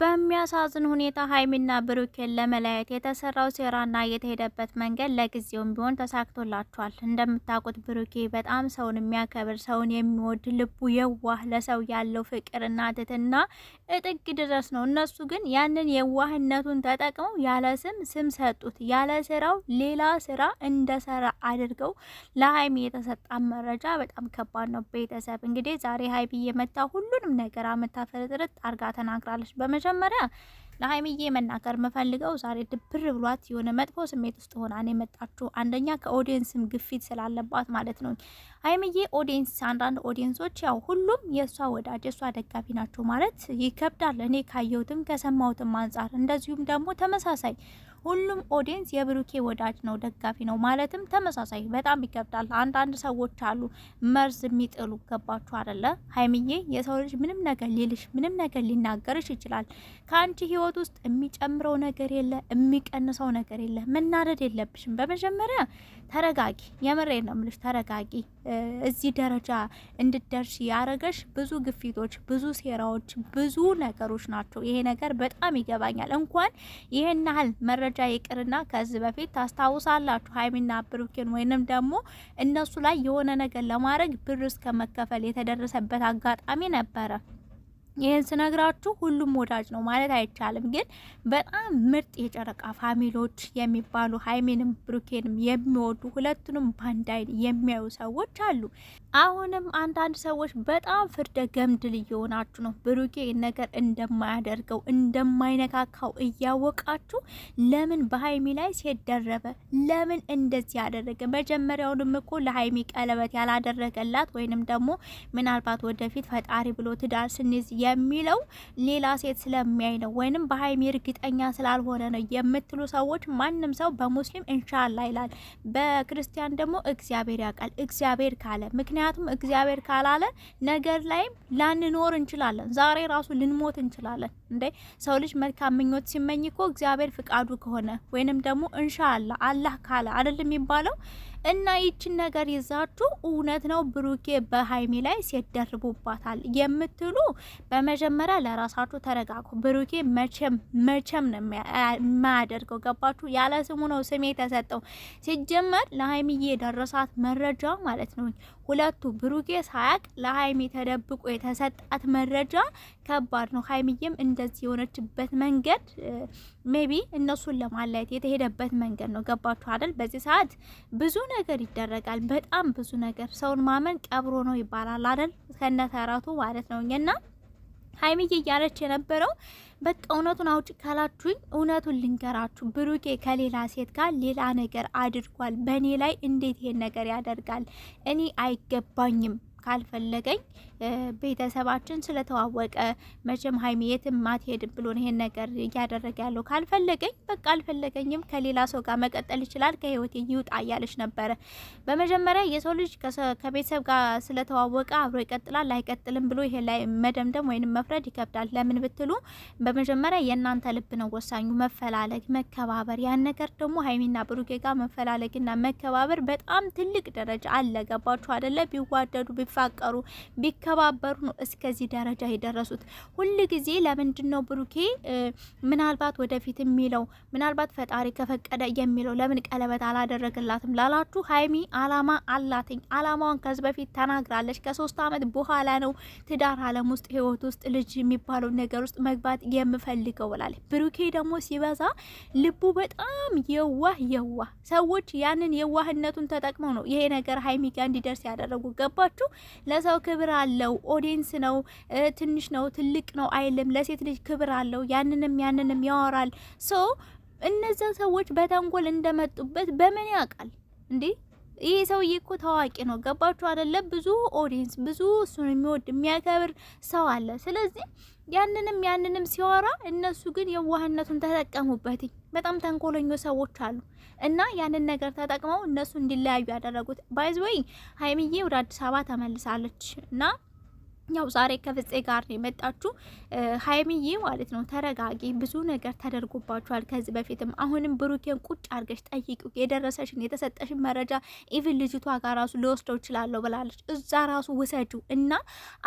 በሚያሳዝን ሁኔታ ሀይሚና ብሩኬን ለመለያየት የተሰራው ሴራና የተሄደበት መንገድ ለጊዜውም ቢሆን ተሳክቶላቸዋል። እንደምታውቁት ብሩኬ በጣም ሰውን የሚያከብር ሰውን የሚወድ ልቡ የዋህ ለሰው ያለው ፍቅርና ትትና እጥግ ድረስ ነው። እነሱ ግን ያንን የዋህነቱን ተጠቅመው ያለ ስም ስም ሰጡት። ያለ ስራው ሌላ ስራ እንደሰራ አድርገው ለሀይሚ የተሰጣ መረጃ በጣም ከባድ ነው። ቤተሰብ እንግዲህ ዛሬ ሀይሚ የመታ ሁሉንም ነገር አመታ ፍርጥርጥ አርጋ ተናግራለች። መጀመሪያ ለሀይሚዬ መናገር የምፈልገው ዛሬ ድብር ብሏት የሆነ መጥፎ ስሜት ውስጥ ሆና ነው የመጣችሁ። አንደኛ ከኦዲየንስም ግፊት ስላለባት ማለት ነው። ሀይሚዬ ኦዲየንስ፣ አንዳንድ ኦዲየንሶች ያው ሁሉም የእሷ ወዳጅ የእሷ ደጋፊ ናቸው ማለት ይከብዳል። እኔ ካየሁትም ከሰማሁትም አንጻር እንደዚሁም ደግሞ ተመሳሳይ ሁሉም ኦዲየንስ የብሩኬ ወዳጅ ነው፣ ደጋፊ ነው ማለትም ተመሳሳይ በጣም ይከብዳል። አንዳንድ ሰዎች አሉ መርዝ የሚጥሉ ገባችሁ አደለ? ሀይሚዬ የሰው ልጅ ምንም ነገር ሊልሽ ምንም ነገር ሊናገርሽ ይችላል። ከአንቺ ህይወት ውስጥ የሚጨምረው ነገር የለ፣ የሚቀንሰው ነገር የለ። መናደድ የለብሽም። በመጀመሪያ ተረጋጊ። የምሬ ነው ምልሽ፣ ተረጋጊ። እዚህ ደረጃ እንድደርሽ ያረገሽ ብዙ ግፊቶች፣ ብዙ ሴራዎች፣ ብዙ ነገሮች ናቸው። ይሄ ነገር በጣም ይገባኛል። እንኳን ይሄን ያህል መረጃ መረጃ ይቅርና ከዚህ በፊት ታስታውሳላችሁ ሀይሚና ብሩኬን ወይንም ደግሞ እነሱ ላይ የሆነ ነገር ለማድረግ ብር እስከ መከፈል የተደረሰበት አጋጣሚ ነበረ። ይህን ስነግራችሁ ሁሉም ወዳጅ ነው ማለት አይቻልም፣ ግን በጣም ምርጥ የጨረቃ ፋሚሊዎች የሚባሉ ሀይሜንም ብሩኬንም የሚወዱ ሁለቱንም በአንድ አይን የሚያዩ ሰዎች አሉ። አሁንም አንዳንድ ሰዎች በጣም ፍርደ ገምድል እየሆናችሁ ነው። ብሩኬ ነገር እንደማያደርገው እንደማይነካካው እያወቃችሁ ለምን በሀይሚ ላይ ሲደረበ ለምን እንደዚህ ያደረገ? መጀመሪያውንም እኮ ለሀይሚ ቀለበት ያላደረገላት ወይንም ደግሞ ምናልባት ወደፊት ፈጣሪ ብሎ ትዳር ስንይዝ የሚለው ሌላ ሴት ስለሚያይ ነው ወይንም በሀይሚ እርግጠኛ ስላልሆነ ነው የምትሉ ሰዎች ማንም ሰው በሙስሊም እንሻላ ይላል፣ በክርስቲያን ደግሞ እግዚአብሔር ያውቃል። እግዚአብሔር ካለ ምክንያቱም እግዚአብሔር ካላለ ነገር ላይም ላንኖር እንችላለን። ዛሬ ራሱ ልንሞት እንችላለን። እንዴ ሰው ልጅ መልካም ምኞት ሲመኝ እኮ እግዚአብሔር ፍቃዱ ከሆነ ወይንም ደግሞ እንሻላ አላህ ካለ አይደለም የሚባለው። እና ይችን ነገር ይዛችሁ እውነት ነው ብሩኬ በሀይሚ ላይ ሲደርቡባታል የምትሉ በመጀመሪያ ለራሳችሁ ተረጋጉ። ብሩኬ መቼም መቼም ነው የማያደርገው። ገባችሁ? ያለ ስሙ ነው ስሜ ተሰጠው። ሲጀመር ለሀይሚዬ የደረሳት መረጃ ማለት ነው ሁለቱ ብሩኬ ሳያቅ ለሀይሚ ተደብቆ የተሰጣት መረጃ ከባድ ነው። ሀይሚዬም እንደ እንደዚህ የሆነችበት መንገድ ሜቢ እነሱን ለማለየት የተሄደበት መንገድ ነው። ገባችሁ አይደል? በዚህ ሰዓት ብዙ ነገር ይደረጋል። በጣም ብዙ ነገር ሰውን ማመን ቀብሮ ነው ይባላል አይደል? ከነተረቱ ማለት ነው እና ሀይሚዬ እያለች የነበረው በቃ እውነቱን አውጭ ካላችሁኝ እውነቱን ልንገራችሁ፣ ብሩኬ ከሌላ ሴት ጋር ሌላ ነገር አድርጓል። በእኔ ላይ እንዴት ይሄን ነገር ያደርጋል? እኔ አይገባኝም ካልፈለገኝ ቤተሰባችን ስለተዋወቀ መቼም ሀይሚ የትም አትሄድም ብሎ ይሄን ነገር እያደረገ ያለው ካልፈለገኝ በቃ አልፈለገኝም ከሌላ ሰው ጋር መቀጠል ይችላል ከህይወቴ ይውጣ እያለች ነበረ። በመጀመሪያ የሰው ልጅ ከቤተሰብ ጋር ስለተዋወቀ አብሮ ይቀጥላል አይቀጥልም ብሎ ይሄ ላይ መደምደም ወይም መፍረድ ይከብዳል። ለምን ብትሉ በመጀመሪያ የእናንተ ልብ ነው ወሳኙ። መፈላለግ፣ መከባበር ያን ነገር ደግሞ ሀይሚና ብሩኬ ጋር መፈላለግና መከባበር በጣም ትልቅ ደረጃ አለ። ገባችሁ አደለ? ቢዋደዱ ቢፋቀሩ ሲከባበሩ ነው እስከዚህ ደረጃ የደረሱት። ሁል ጊዜ ለምንድን ነው ብሩኬ ምናልባት ወደፊት የሚለው ምናልባት ፈጣሪ ከፈቀደ የሚለው ለምን ቀለበት አላደረግላትም ላላችሁ ሀይሚ አላማ አላትኝ። አላማዋን ከዚህ በፊት ተናግራለች። ከሶስት አመት በኋላ ነው ትዳር አለም ውስጥ ህይወት ውስጥ ልጅ የሚባለው ነገር ውስጥ መግባት የምፈልገው ብላለች። ብሩኬ ደግሞ ሲበዛ ልቡ በጣም የዋህ የዋህ ሰዎች ያንን የዋህነቱን ተጠቅመው ነው ይሄ ነገር ሀይሚ ጋር እንዲደርስ ያደረጉ ገባችሁ። ለሰው ክብር አለ አለው። ኦዲየንስ ነው፣ ትንሽ ነው፣ ትልቅ ነው አይልም። ለሴት ልጅ ክብር አለው። ያንንም ያንንም ያወራል። ሶ እነዛ ሰዎች በተንኮል እንደመጡበት በምን ያውቃል እንዴ? ይህ ሰውዬ እኮ ታዋቂ ነው። ገባችሁ አይደለ? ብዙ ኦዲየንስ፣ ብዙ እሱን የሚወድ የሚያከብር ሰው አለ። ስለዚህ ያንንም ያንንም ሲወራ እነሱ ግን የዋህነቱን ተጠቀሙበትኝ። በጣም ተንኮለኞ ሰዎች አሉ እና ያንን ነገር ተጠቅመው እነሱ እንዲለያዩ ያደረጉት። ባይዝ ወይ ሀይሚዬ ወደ አዲስ አበባ ተመልሳለች እና ያው ዛሬ ከፍፄ ጋር ነው የመጣችሁ። ሀይሚዬ ማለት ነው ተረጋጊ፣ ብዙ ነገር ተደርጎባችኋል ከዚህ በፊትም። አሁንም ብሩኬን ቁጭ አርገሽ ጠይቂው፣ የደረሰሽን የተሰጠሽን መረጃ ኢቭን ልጅቷ ጋር ራሱ ልወስደው እችላለሁ ብላለች። እዛ ራሱ ውሰጁ እና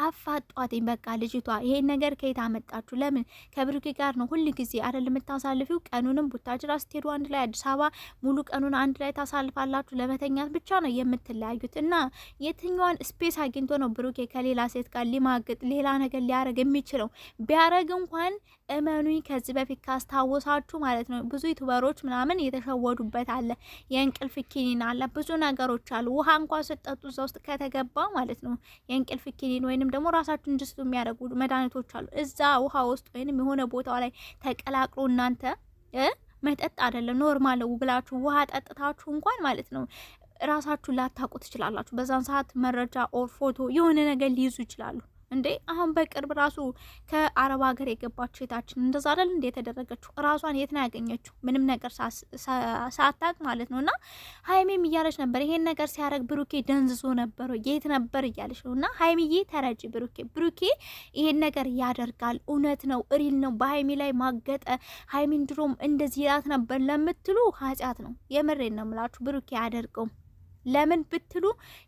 አፋጧትኝ። በቃ ልጅቷ ይሄን ነገር ከየት አመጣችሁ? ለምን ከብሩኬ ጋር ነው ሁል ጊዜ አይደል የምታሳልፊው? ቀኑንም ቡታጅራ ስትሄዱ አንድ ላይ፣ አዲስ አበባ ሙሉ ቀኑን አንድ ላይ ታሳልፋላችሁ። ለመተኛት ብቻ ነው የምትለያዩት እና የትኛዋን ስፔስ አግኝቶ ነው ብሩኬ ከሌላ ሴት ጋር ሊማግጥ ሌላ ነገር ሊያደርግ የሚችለው ቢያደረግ እንኳን እመኑኝ ከዚህ በፊት ካስታወሳችሁ ማለት ነው ብዙ ዩቱበሮች ምናምን የተሸወዱበት አለ። የእንቅልፍ ኪኒን አለ፣ ብዙ ነገሮች አሉ። ውሃ እንኳ ስጠጡ እዛ ውስጥ ከተገባ ማለት ነው የእንቅልፍ ኪኒን ወይንም ደግሞ ራሳችሁ እንድስቱ የሚያደርጉ መድኃኒቶች አሉ። እዛ ውሃ ውስጥ ወይንም የሆነ ቦታው ላይ ተቀላቅሎ እናንተ መጠጥ አይደለም ኖርማል ብላችሁ ውሃ ጠጥታችሁ እንኳን ማለት ነው ራሳችሁ ላታውቁ ትችላላችሁ። በዛን ሰዓት መረጃ ኦር ፎቶ የሆነ ነገር ሊይዙ ይችላሉ። እንዴ አሁን በቅርብ ራሱ ከአረብ ሀገር የገባችው የታችን እንደዛ አይደል እንዴ የተደረገችው? ራሷን የት ነው ያገኘችው? ምንም ነገር ሳታቅ ማለት ነው። እና ሀይሜም እያለች ነበር ይሄን ነገር ሲያደርግ ብሩኬ ደንዝዞ ነበር የት ነበር እያለች ነው። እና ሀይሜዬ ተረጂ ብሩኬ ብሩኬ ይሄን ነገር ያደርጋል። እውነት ነው፣ እሪል ነው። በሀይሜ ላይ ማገጠ ሀይሜን ድሮም እንደዚህ ይላት ነበር ለምትሉ ኃጢአት ነው። የምሬን ነው የምላችሁ ብሩኬ አያደርገውም። ለምን ብትሉ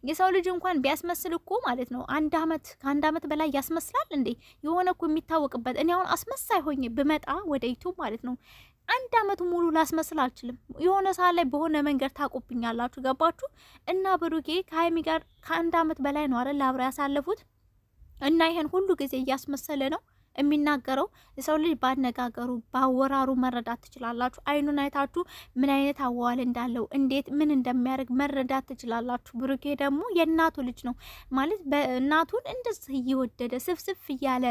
የሰው ልጅ እንኳን ቢያስመስል እኮ ማለት ነው አንድ አመት ከአንድ አመት በላይ ያስመስላል እንዴ? የሆነ እኮ የሚታወቅበት። እኔ አሁን አስመሳይ ሆኜ ብመጣ ወደ ዩቱብ ማለት ነው አንድ አመት ሙሉ ላስመስል አልችልም። የሆነ ሰዓት ላይ በሆነ መንገድ ታቆብኛላችሁ። ገባችሁ? እና ብሩኬ ከሀይሚ ጋር ከአንድ አመት በላይ ነው አይደል አብረው ያሳለፉት እና ይሄን ሁሉ ጊዜ እያስመሰለ ነው የሚናገረው የሰው ልጅ ባነጋገሩ ባወራሩ መረዳት ትችላላችሁ። አይኑን አይታችሁ ምን አይነት አዋዋል እንዳለው እንዴት ምን እንደሚያደርግ መረዳት ትችላላችሁ። ብሩኬ ደግሞ የእናቱ ልጅ ነው ማለት በእናቱን እንደዚህ እየወደደ ስፍስፍ እያለ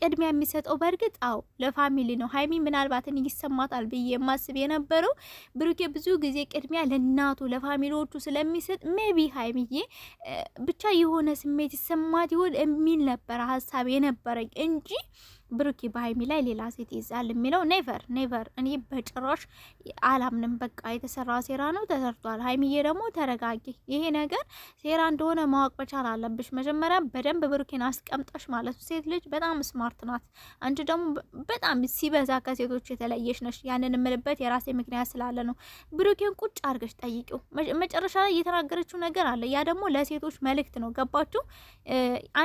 ቅድሚያ የሚሰጠው በእርግጥ አዎ ለፋሚሊ ነው። ሀይሚ ምናልባትን ይሰማታል ብዬ የማስብ የነበረው ብሩኬ ብዙ ጊዜ ቅድሚያ ለእናቱ ለፋሚሊዎቹ ስለሚሰጥ ሜቢ ሀይሚዬ ብቻ የሆነ ስሜት ይሰማት ይሆን የሚል ነበረ ሀሳብ የነበረኝ እንጂ 鸡。ብሩኬ በሀይሚ ላይ ሌላ ሴት ይዛል የሚለው ኔቨር ኔቨር፣ እኔ በጭራሽ አላምንም። በቃ የተሰራ ሴራ ነው፣ ተሰርቷል። ሀይሚዬ ደግሞ ተረጋጊ። ይሄ ነገር ሴራ እንደሆነ ማወቅ መቻል አለብሽ። መጀመሪያ በደንብ ብሩኬን አስቀምጠሽ ማለት ሴት ልጅ በጣም ስማርት ናት። አንቺ ደግሞ በጣም ሲበዛ ከሴቶች የተለየሽ ነሽ። ያንን የምልበት የራሴ ምክንያት ስላለ ነው። ብሩኬን ቁጭ አድርገሽ ጠይቂው። መጨረሻ ላይ እየተናገረችው ነገር አለ። ያ ደግሞ ለሴቶች መልእክት ነው። ገባችሁ?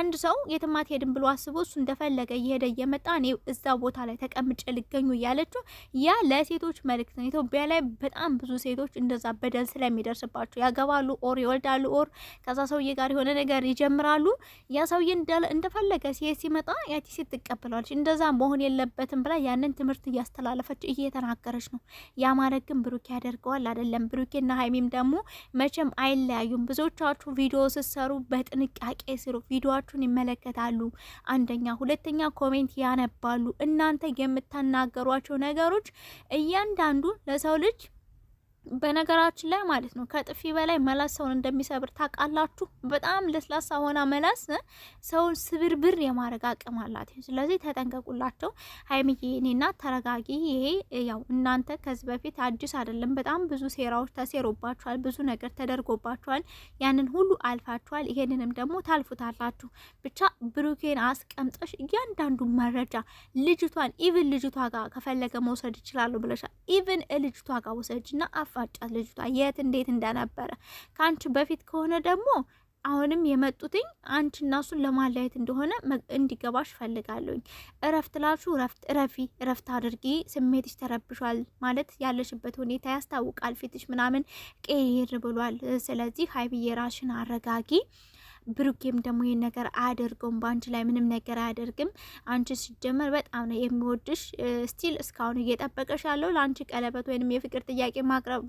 አንድ ሰው የትም አትሄድም ብሎ አስቦ እሱ እንደፈለገ እየሄደ ከመጣ እኔ እዛ ቦታ ላይ ተቀምጬ ልገኙ እያለችው ያ ለሴቶች መልእክት ነው። ኢትዮጵያ ላይ በጣም ብዙ ሴቶች እንደዛ በደል ስለሚደርስባቸው ያገባሉ፣ ኦር ይወልዳሉ፣ ኦር ከዛ ሰውዬ ጋር የሆነ ነገር ይጀምራሉ። ያ ሰውዬ እንደፈለገ ሴት ሲመጣ ያቺ ሴት ትቀበለዋለች። እንደዛ መሆን የለበትም ብላ ያንን ትምህርት እያስተላለፈች እየተናገረች ነው። ያ ማለት ግን ብሩኬ ያደርገዋል አይደለም። ብሩኬና ሀይሚም ደግሞ መቼም አይለያዩም። ብዙዎቻችሁ ቪዲዮ ስትሰሩ በጥንቃቄ ስሩ። ቪዲዮችሁን ይመለከታሉ። አንደኛ፣ ሁለተኛ ኮሜንት ያነባሉ። እናንተ የምትናገሯቸው ነገሮች እያንዳንዱ ለሰው ልጅ በነገራችን ላይ ማለት ነው ከጥፊ በላይ መላስ ሰውን እንደሚሰብር ታውቃላችሁ። በጣም ለስላሳ ሆና መላስ ሰውን ስብርብር የማድረግ አቅም አላት። ስለዚህ ተጠንቀቁላቸው። ሀይሚዬ እኔና ተረጋጊ። ይሄ ያው እናንተ ከዚህ በፊት አዲስ አይደለም። በጣም ብዙ ሴራዎች ተሴሮባችኋል፣ ብዙ ነገር ተደርጎባችኋል። ያንን ሁሉ አልፋችኋል። ይሄንንም ደግሞ ታልፉታላችሁ። ብቻ ብሩኬን አስቀምጠሽ እያንዳንዱ መረጃ ልጅቷን ኢቭን ልጅቷ ጋር ከፈለገ መውሰድ ይችላሉ ብለሻል። ኢቭን ልጅቷ ጋር ውሰጅና አፋጫት ልጅቷ የት እንዴት እንደነበረ ከአንቺ በፊት ከሆነ ደግሞ አሁንም የመጡትኝ አንቺ እና እሱን ለማለያየት እንደሆነ እንዲገባሽ ፈልጋለሁኝ። እረፍት ላችሁ እረፍት እረፊ፣ እረፍት አድርጊ። ስሜትሽ ተረብሿል ማለት ያለሽበት ሁኔታ ያስታውቃል። ፊትሽ ምናምን ቀይር ብሏል። ስለዚህ ሀይብዬ አረጋጊ። ብሩኬም ደግሞ ይህን ነገር አያደርገውም። በአንቺ ላይ ምንም ነገር አያደርግም። አንቺ ሲጀመር በጣም ነው የሚወድሽ። ስቲል እስካሁን እየጠበቀሽ ያለው ለአንቺ ቀለበት ወይንም የፍቅር ጥያቄ ማቅረብ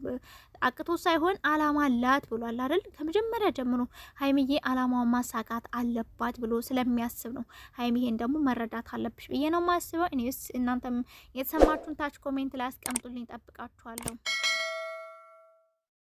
አቅቶ ሳይሆን አላማ አላት ብሏል አይደል? ከመጀመሪያ ጀምሮ ሀይሚዬ አላማውን ማሳካት አለባት ብሎ ስለሚያስብ ነው። ሀይሚዬን ደግሞ መረዳት አለብሽ ብዬ ነው ማስበው። እኔስ እናንተም የተሰማችሁን ታች ኮሜንት ላይ አስቀምጡልኝ፣ ጠብቃችኋለሁ።